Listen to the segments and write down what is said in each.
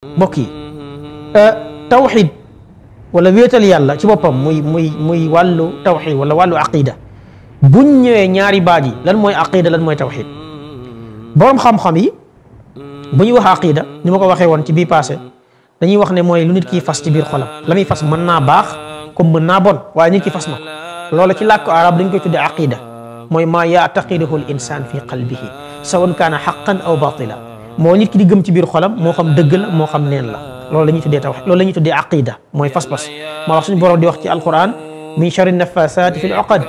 mbokk yi euh, tawxid wala wéetal yàlla ci boppam muy muy muy wàllu tawxid wala wàllu aqida bu ñëwee ñaari baat yi lan mooy aqida lan mooy tawxid boroom xam-xam yi bu ñuy wax aqida ni ma ko waxee woon ci bii passé dañuy wax ne mooy lu nit kiy fas ci biir xolam la muy fas mën naa baax comme mën naa bon waaye nit ki fas na loola ci làkku arab dañ koy tuddee aqida mooy maa yaataqiduhu l insan fi qalbihi sawan kaana xaqan aw batila moo nit ki di gëm ci biir xolam moo xam dëgg la moo xam neen la loolu la ñuy tuddee tawxiid loolu la ñuy tuddee aqida mooy fas-fas moo wax suñu borom di wax ci min charri nafasaati fi l oqad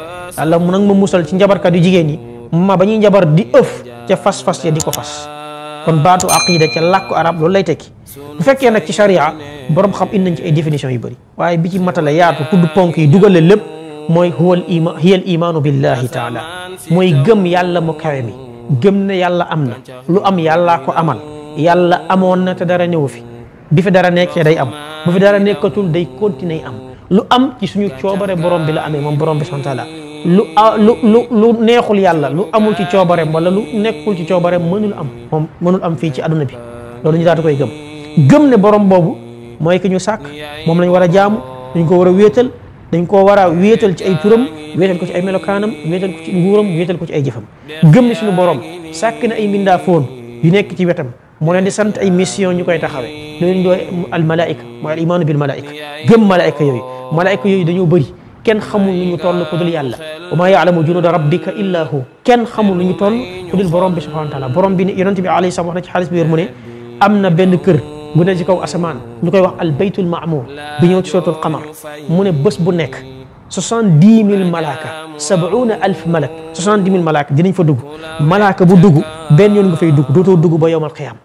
mu nag ma musal ci njabarkat yu jigéen ma ba ñuy njabar di ëf ca fas-fas ya di ko fas kon baatu aqida ca làkku arab loolu lay tekki bu fekkee nag ci charia borom xam indi nañ ay définition yu bëri waaye bi ci matale yaatu tudd ponk yi dugale lépp mooy hiya al gëm ne yàlla am na lu am yàllaa ko amal yàlla amoon na te dara ñëw fi bi fi dara nekkee day am bu fi dara nekkatul day continuer am lu am ci suñu coobare borom bi la amee moom borom bi subhaanahu wa taala lu lu lu lu neexul yàlla lu amul ci coobareem wala lu nekkul ci coobareem mënul am moom mënul am fii ci àdduna bi loolu ñu daata koy gëm gëm ne borom boobu mooy ki ñu sàkk moom lañ war a jaamu dañ ko war a wéetal dañ koo war a ci ay turam wéetal ko ci ay melokaanam wéetal ko ci nguuram wéetal ko ci ay jëfam gëm ni suñu borom sàkk na ay mbindaafoon yu nekk ci wetam mu leen di sant ay mission ñu koy taxawe leen dooy al malaika mooy al imaanu bil malaika gëm malaika yooyu malaika yooyu dañoo bëri kenn xamul nu ñu toll ku dul yàlla wa maa yaalamu junuda rabbika illa hu kenn xamul nu ñu toll ku dul borom bi subhanahu wa taala borom bi ne yonent bi alayhi salaam wax na ci xaalis bi wér mu ne am na benn kër bu ne ci kaw asamaan ñu koy wax al baytul maamur bi ñëw ci suratul qamar mu ne bés bu nekk soixante-dix mille malaaka sabuuna alf malak soixante-dix mille malaaka dinañ fa dugg malaaka bu dugg benn yoon nga fay dugg dootoo dugg ba yowmal xiyaam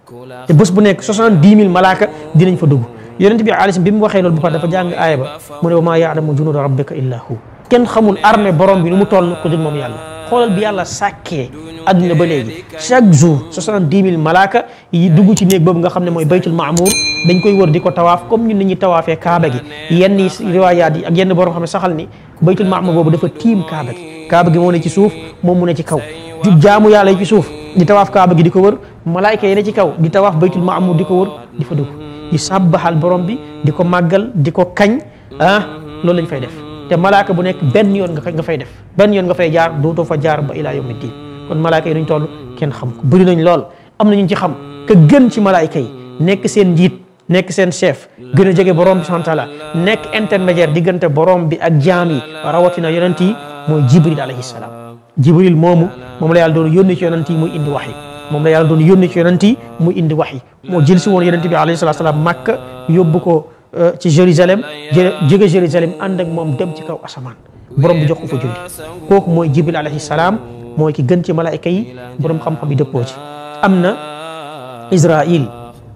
te bés bu nekk soixante-dix mille malaaka dinañ fa dugg yonent bi alayhi bi mu waxee loolu bu pare dafa jàng aaya ba mu ne wa maa yaalamu junuuda rabbika illaa hu kenn xamul armée borom bi nu mu toll ku dul moom yàlla xoolal bi yàlla sàkkee àdduna ba léegi chaque jour soixante dix mille malaaka yi dugg ci néeg boobu nga xam ne mooy baytul maamour dañ koy wër di ko tawaaf comme ñun ni ñuy tawaafee kaaba gi yenn riwaayaat yi ak yenn borom xam ne saxal ni baytul maamour boobu dafa tiim kaaba gi kaaba gi moo ne ci suuf moom mu ne ci kaw jaamu yàlla yi ci suuf di tawaaf kaaba gi di ko war malaayka yi ne ci kaw di tawaaf baytul maamour di ko wër di fa dugg di sàbbaxal borom bi di ko màggal di ko kañ ah loolu lañ fay def te bu nekk benn yoon nga fay def benn yoon nga fay jaar dootoo fa jaar ba ilaa yawmi diin kon malaayka yi nuñ toll kenn xam ko bëri nañ lool am na ñu ci xam ka gën ci malaayka yi nekk seen njiit nekk seen chef gën a jege borom bi subhanahu nekk intermédiaire diggante borom bi ak jaam yi rawatina yonent yi mooy jibril alayhi salaam jibril moomu moom la yàlla doon yónni ci yonent yi muy indi wax moom la yàlla doon yónni ci yonent yi muy indi wax yi moo jël si woon yonent bi alayhi salaatu salaam màkk yóbbu ko euh, ci Jérusalem jóge Jérusalem ànd ak moom dem ci kaw asamaan borom bi jox ko fa julli kooku mooy jibril alayhi salaam mooy ki gën ci malaayka yi borom xam-xam yi dëppoo ci am na Israil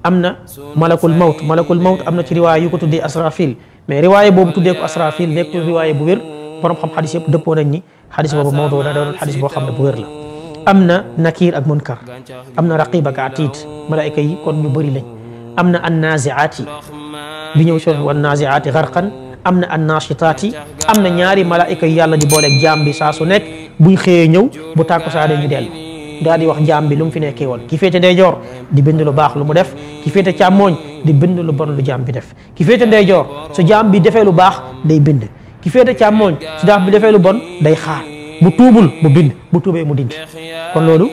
am na malakul mawt malakul mawt am na ci riwaay yu ko tuddee Asrafil mais riwaay boobu tuddee ko Asrafil nekk riwaay bu wér borom xam xadis yëpp dëppoo nañ ni xadis boobu Maodo daa doon xadis boo xam ne bu wér la. am na Nakir ak Munkar am na Raqib ak Atid malaayka yi kon ñu bëri lañ am na Annaziaati bi ñëw si Annaziaati garqan am na Annashitaati am na ñaari malaayka yu di booleeg jaam bi nekk. buñ xëyee ñëw bu tàkkusaane ñu dellu daal di wax jaam bi lu mu fi nekkee woon ki féete ndeyjoor di bind lu baax lu mu def ki féete càmmooñ di bind lu bon lu jaam bi def ki féete ndeyjoor su jaam bi defee lu baax day bind ki féete càmmooñ su jaam bi defee lu bon day xaar bu tuubul mu bind bu tuubee mu dindi kon loolu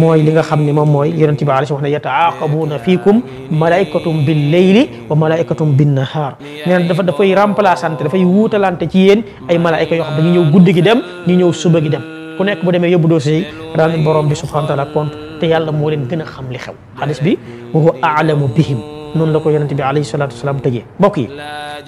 mooy li nga xam ne moom mooy yonente bi alayhi wax ne yataaqabuuna fiikum malaikatum bil leyli wa malaikatum bin nahaar nee na dafa dafay remplaçante dafay wuutalante ci yéen ay malaika yoo xam dañu ñëw guddi gi dem ñu ñëw suba gi dem ku nekk bu demee yóbbu dossier yi ren borom bi subhanahu compte te yàlla moo leen a xam li xew xadis bi wa huwa aalamu bihim noonu la ko yonente bi alayhi salatu wasalaam tëjee mbokk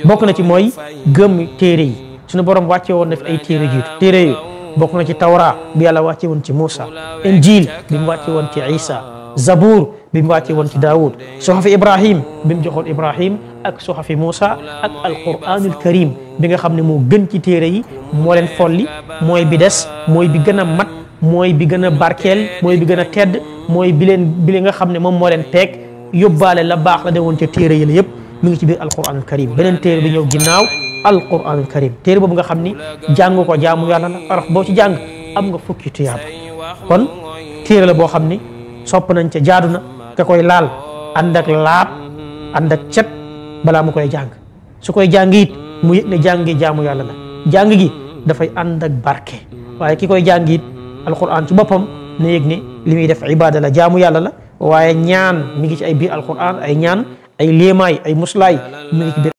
bokk na ci mooy gëm téere yi suñu borom wàcce woon na fi ay téere jiitu téere yi bokk na ci tawra bi yàlla wàcce woon ci Muusa injil bi mu wàcce woon Isa zabour bi mu wàccee woon ci daawud suxafi ibrahim bi mu joxoon ibrahim ak suxafi moussa ak alquranul karim bi nga xam ne moo gën ci téere yi moo leen folli mooy bi des mooy bi gën a mat mooy bi gën a barkeel mooy bi gën a tedd mooy bi leen bi nga xam ne moom moo leen teeg yóbbaale la baax la de woon ca téere yi la yëpp mi ngi ci biir alquranul karim beneen téere bi ñëw ginnaaw alquranul karim téere boobu nga xam ni jàng ko jaamu yàlla la boo ci jàng am nga fukki tuyaaba boo xam ni sopp nañ ca jaadu na ka koy laal ànd ak laab ànd ak cet balaa mu koy jàng su koy jàng it mu yëg ne jàng jaamu yàlla la jàng gi dafay ànd ak barke waaye ki koy jàng it alquran ci boppam na yëg ne li muy def ibada la jaamu yàlla la waaye ñaan mi ngi ci ay biir alquran ay ñaan ay léemaay ay muslaay mi ngi ci biir